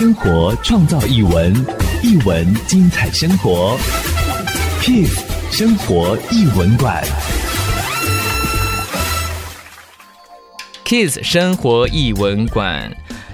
生活創造藝文，藝文精彩生活，生活一，KISS 生活藝文館，KISS 生活藝文館。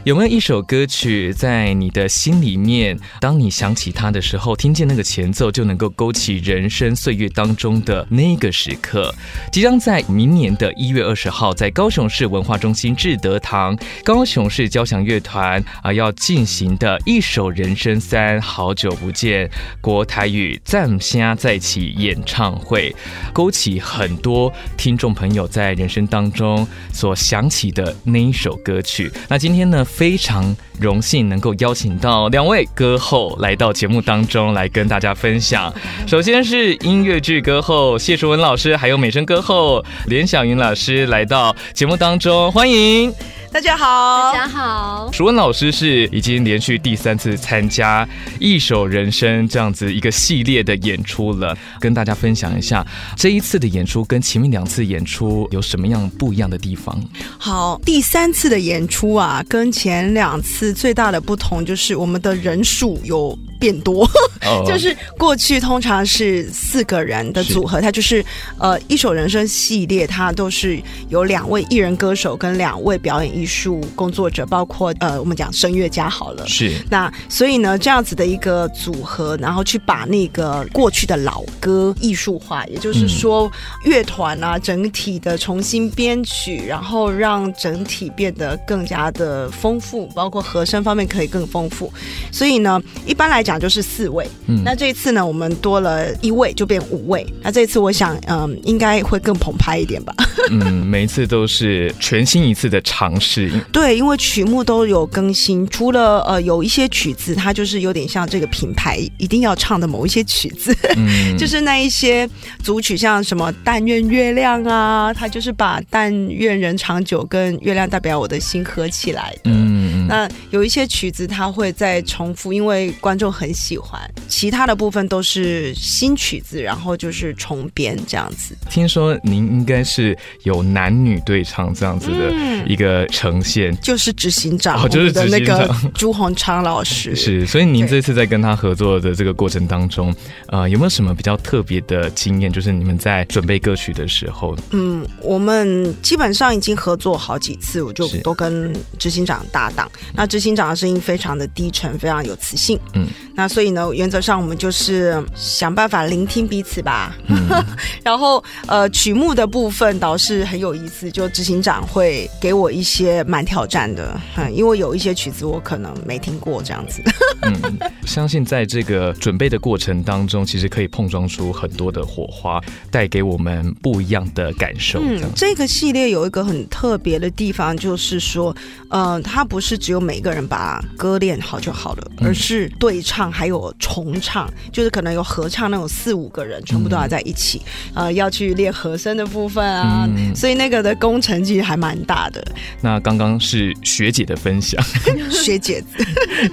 有沒有一首歌曲在你的心裡面，當你想起它的時候，聽見那個前奏就能夠勾起人生歲月當中的那個時刻？即將在明年的一月二十號，在高雄市文化中心至德堂，高雄市交響樂團啊、呃、要進行的一首《人生三好久不見》國台語《再興再起》演唱會，勾起很多聽眾朋友在人生當中所想起的那一首歌曲。那今天呢？非常榮幸能夠邀請到兩位歌後來到節目當中來跟大家分享。首先是音樂劇歌后謝淑文老師，還有美聲歌后連筱筠老師來到節目當中，歡迎。大家好，大家好，淑文老師是已經連續第三次參加《一首人生》這樣子一個系列的演出了，跟大家分享一下這一次的演出跟前面兩次演出有什麼樣不一樣的地方。好，第三次的演出啊，跟前兩次最大的不同就是我們的人數有變多，oh. 就是過去通常是四個人的組合，是它就是呃《一首人生》系列，它都是有兩位藝人歌手跟兩位表演藝。藝術工作者，包括呃，我們講聲樂家好了，是。那所以呢，這樣子的一個組合，然後去把那個過去的老歌藝術化，也就是說樂團呢，整體的重新編曲，然後讓整體變得更加的豐富，包括和聲方面可以更豐富。所以呢，一般來講就是四位，嗯，那這一次呢，我們多了一位，就變五位，那這次我想，嗯、呃，應該會更澎湃一點吧。 嗯，每一次都是全新一次的嘗試。是，對，因為曲目都有更新，除了呃有一些曲子，它就是有點像這個品牌一定要唱的某一些曲子，嗯、 就是那一些組曲，像什麼但願月亮啊，它就是把但願人長久跟月亮代表我的心合起來的。嗯嗯。那有一些曲子它會再重複，因為觀眾很喜歡。其他的部分都是新曲子，然後就是重編這樣子。聽說您應該是有男女對唱這樣子的一個、嗯。呈現就是執行長、哦就是、執行長的那個朱鴻昌老師，是，所以您這次在跟他合作的這個過程當中，對呃，有沒有什麼比較特別的經驗？就是你們在準備歌曲的時候，嗯，我們基本上已經合作好幾次，我就都跟執行長搭檔。是那執行長的聲音非常的低沉，非常有磁性，嗯，那所以呢，原則上我們就是想辦法聆聽彼此吧。嗯、 然後，呃，曲目的部分倒是很有意思，就執行長會給我一些。也蠻挑戰的，嗯，因為有一些曲子我可能沒聽過，這樣子、 嗯。相信在這個準備的過程當中，其實可以碰撞出很多的火花，帶給我們不一樣的感受。嗯，這個系列有一個很特別的地方，就是說，嗯、呃，它不是只有每個人把歌練好就好了，而是對唱還有重唱，嗯、就是可能有合唱那種四五個人，嗯、全部都要在一起，呃，要去練和聲的部分啊，嗯、所以那個的工程其實還蠻大的。那剛剛是學姐的分享，學姐，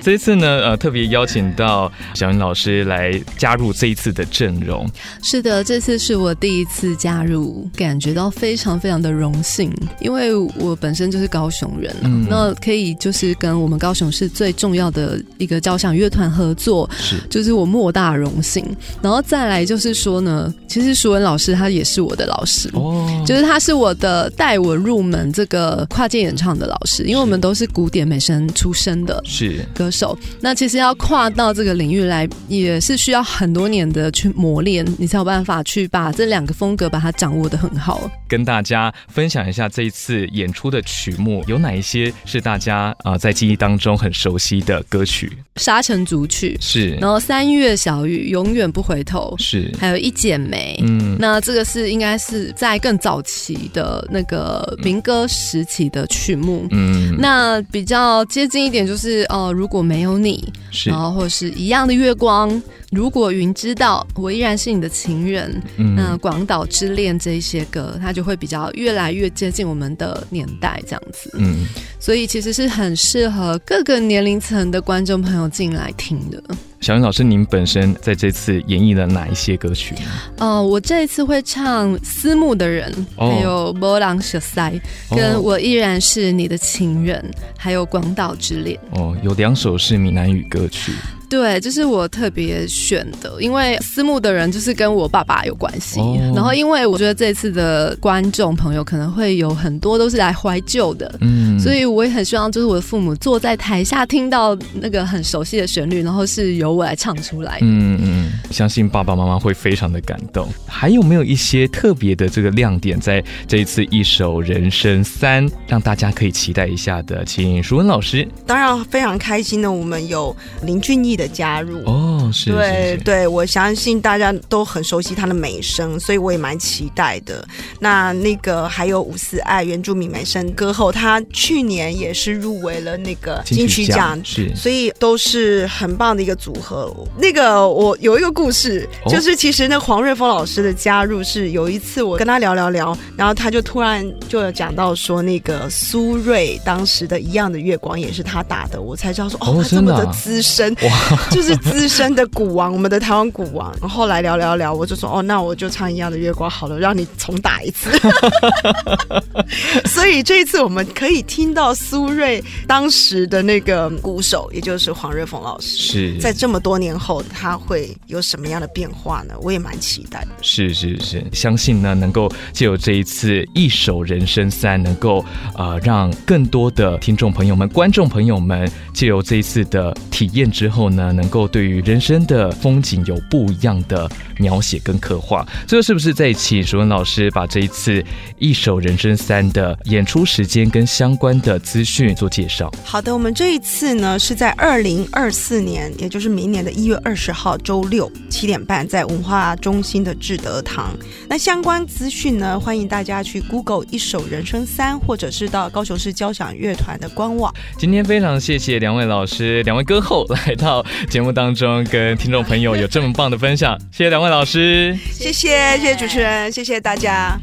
這一次呢，呃，特別邀請到小筠老師來加入這一次的陣容。是的，這次是我第一次加入，感覺到非常非常的榮幸，因為我本身就是高雄人、啊，嗯、那可以就是跟我們高雄市最重要的一個交響樂團合作，是，就是我莫大榮幸。然後再來就是說呢，其實淑文老師她也是我的老師，哦，就是她是我的帶我入門這個跨界。唱的老師，因為我們都是古典美聲出身的，是歌手。那其實要跨到這個領域來，也是需要很多年的去磨練，你才有辦法去把這兩個風格把它掌握的很好。跟大家分享一下這一次演出的曲目，有哪一些是大家啊、呃、在記憶當中很熟悉的歌曲？《沙塵組曲》是，然後《三月小雨》《永遠不回頭》是，還有一剪梅。嗯，那這個是應該是在更早期的那個民歌時期的曲。曲目，嗯，那比較接近一點就是哦、呃，如果沒有你，是然後或者是一樣的月光，如果雲知道、我依然是你的情人，嗯、那廣島之戀這一些歌，它就會比較越來越接近我們的年代這樣子，嗯，所以其實是很適合各個年齡層的觀眾朋友進來聽的。筱筠老師，您本身在這次演繹了哪一些歌曲？嗯、哦，我這一次會唱《思慕的人》，還有《波浪石塞》，哦、跟我依然是你的情人，還有《廣島之戀》。哦，有兩首是閩南語歌曲。對，就是我特別選的，因為思慕的人就是跟我爸爸有關係。哦、然後，因為我覺得這一次的觀眾朋友可能會有很多都是來懷舊的，嗯，所以我也很希望就是我的父母坐在台下聽到那個很熟悉的旋律，然後是由我來唱出來，嗯嗯，相信爸爸媽媽會非常的感動。還有沒有一些特別的這個亮點在這一次一首人生三，讓大家可以期待一下的？請淑文老師。當然非常開心的，我們有林俊逸的加入。Oh. 是對，謝謝對，我相信大家都很熟悉他的美聲，所以我也蠻期待的。那那個還有五四愛原住民美聲歌後，他去年也是入圍了那個金曲獎，曲是，所以都是很棒的一個組合。那個我有一個故事，哦、就是其實那黃瑞豐老師的加入是有一次我跟他聊聊聊，然後他就突然就有講到說，那個蘇芮當時的一樣的月光也是他打的，我才知道說哦，他這麼的資深哇，就是資深。的鼓王，我們的台灣鼓王，然後來聊聊聊，我就說哦，那我就唱一樣的月光好了，讓你重打一次。 所以這一次我們可以聽到蘇芮當時的那個鼓手，也就是黃瑞豐老師，是在這麼多年後，他會有什麼樣的變化呢？我也蠻期待的。是是是，相信呢，能夠借由這一次《一首人生三》能，能夠呃，讓更多的聽眾朋友們、觀眾朋友們，借由這一次的體驗之後呢，能夠對於人。真的風景有不一樣的描寫跟刻畫，最後是不是再請淑文老師把這一次《一首人生三》的演出時間跟相關的資訊做介紹。好的，我們這一次呢是在二零二四年，也就是明年的一月二十號周六七點半，在文化中心的至德堂。那相關資訊呢，歡迎大家去 Google《一首人生三》，或者是到高雄市交響樂團的官網。今天非常謝謝兩位老師、兩位歌後來到節目當中。跟聽眾朋友有這麼棒的分享，謝謝兩位老師，謝謝，謝謝主持人，謝謝大家。